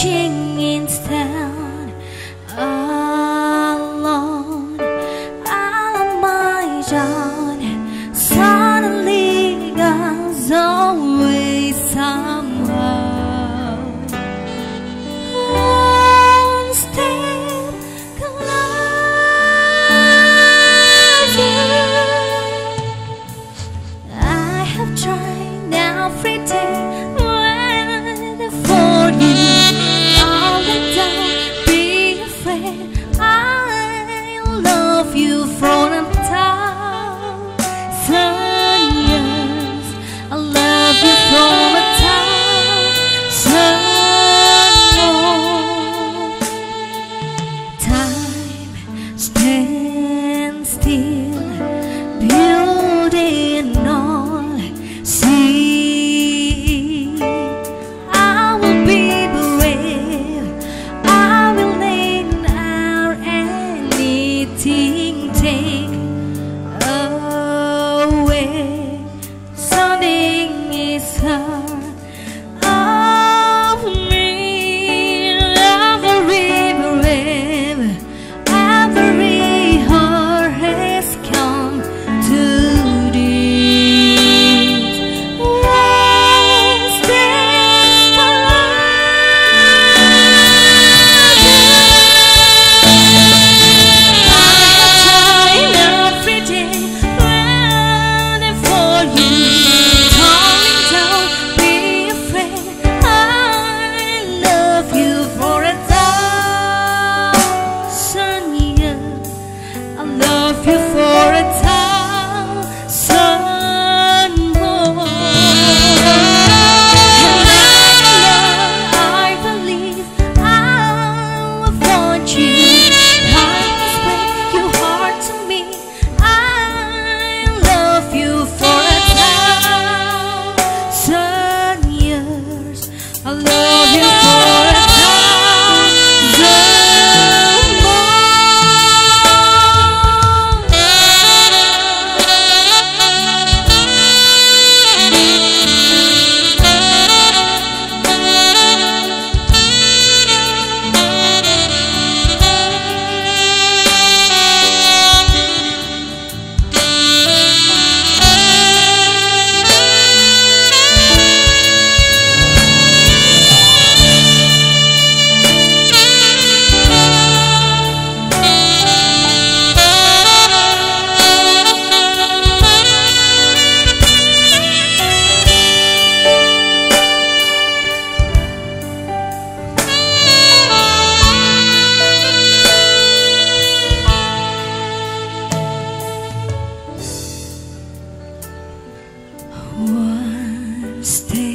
Searching instead Alone All on my own Suddenly God's always somehow One step closer I have tried every day Stay. stay.